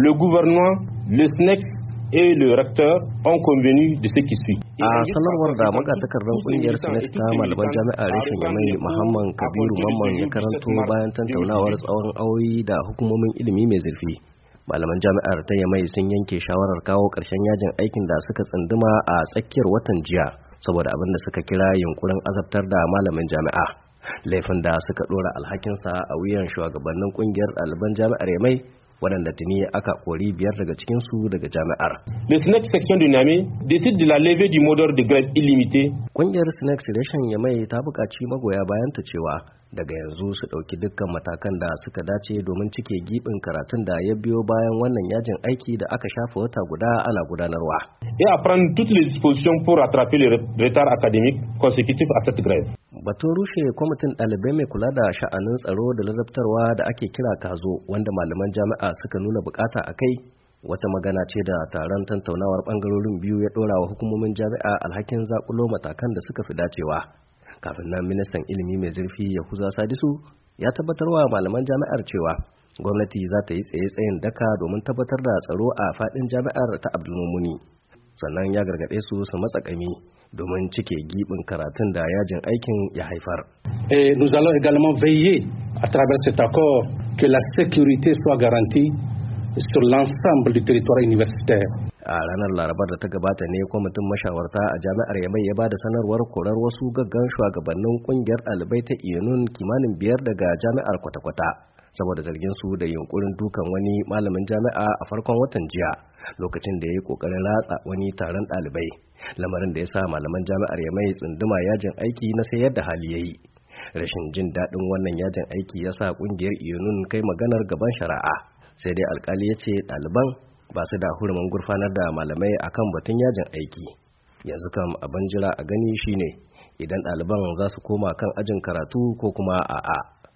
le gouvernement, le SNEX et le recteur ont convenu de ce qui suit. A sanarwar da magatakardar kungiyar Sinex ta malaman jami'ar rashin yamai Muhammad Kabiru Mamman ya karanto bayan tantaunawar tsawon awoyi da hukumomin ilimi mai zurfi. Malaman jami'ar ta yamai sun yanke shawarar kawo karshen yajin aikin da suka tsunduma a tsakiyar watan jiya saboda abin da suka kira yunkurin azabtar da malamin jami'a. Laifin da suka ɗora alhakinsa a wuyan shugabannin kungiyar ɗaliban jami'ar yamai waɗanda tuni aka kori biyar daga cikinsu daga jami'ar. The Snack Section Dynami décide de la levée du mot d'ordre de grève illimité. Ƙungiyar Snack ya mai ta buƙaci magoya bayan ta cewa daga yanzu su ɗauki dukkan matakan da suka dace domin cike giɓin karatun da ya biyo bayan wannan yajin aiki da aka shafa wata guda ana gudanarwa. Et à prendre toutes les dispositions pour rattraper le retard académique consécutif à cette grève. batun rushe kwamitin ɗalibai mai kula da sha'anin tsaro da lazabtarwa da ake kira kazo wanda malaman jami'a suka nuna bukata a kai wata magana ce da taron tattaunawar ɓangarorin biyu ya ɗora wa hukumomin jami'a alhakin zakulo matakan da suka fi dacewa kafin nan ministan ilimi mai zurfi yahuza sadisu ya tabbatar wa malaman jami'ar cewa gwamnati za ta yi tsaye-tsayen daka domin tabbatar da tsaro a faɗin jami'ar ta abdulmumuni sannan ya gargaɗe su su matsakami domin cike giɓin karatun da yajin aikin ya haifar. Et nous allons également veiller à travers cet accord que la sécurité soit garantie sur l'ensemble du territoire universitaire. A ranar larabar da ta gabata ne kwamitin mashawarta a jami'ar Yamai ya ba da sanarwar korar wasu gaggan shugabannin kungiyar ɗalibai ta kimanin biyar daga jami'ar kwata-kwata. saboda zargin su da yunkurin dukan wani malamin jami'a a farkon watan jiya lokacin da ya yi kokarin ratsa wani taron ɗalibai lamarin da ya sa malaman jami'ar ya mai tsunduma yajin aiki na sayar da hali ya yi rashin jin daɗin wannan yajin aiki ya sa ƙungiyar iyonun kai maganar gaban shari'a sai dai alkali ya ce ɗaliban ba su da hurumin gurfanar da malamai akan batun yajin aiki yanzu kam abin jira a gani shine idan ɗaliban za su koma kan ajin karatu ko kuma a'a.